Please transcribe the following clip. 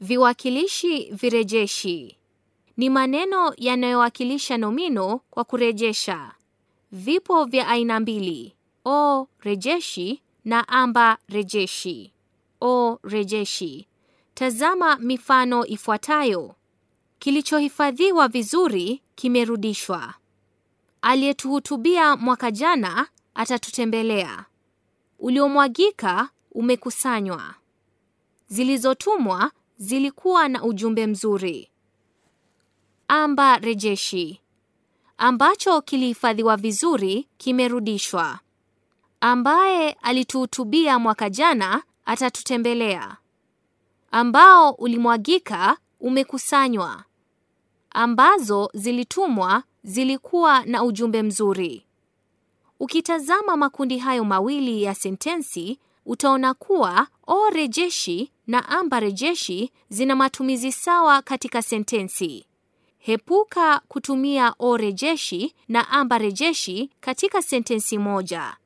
Viwakilishi virejeshi ni maneno yanayowakilisha nomino kwa kurejesha. Vipo vya aina mbili: o rejeshi na amba rejeshi. O rejeshi, tazama mifano ifuatayo: kilichohifadhiwa vizuri kimerudishwa. Aliyetuhutubia mwaka jana atatutembelea. Uliomwagika umekusanywa. Zilizotumwa zilikuwa na ujumbe mzuri. Amba rejeshi ambacho kilihifadhiwa vizuri kimerudishwa. Ambaye alituhutubia mwaka jana atatutembelea. Ambao ulimwagika umekusanywa. Ambazo zilitumwa zilikuwa na ujumbe mzuri. Ukitazama makundi hayo mawili ya sentensi utaona kuwa o rejeshi na amba rejeshi zina matumizi sawa katika sentensi. Hepuka kutumia o rejeshi na amba rejeshi katika sentensi moja.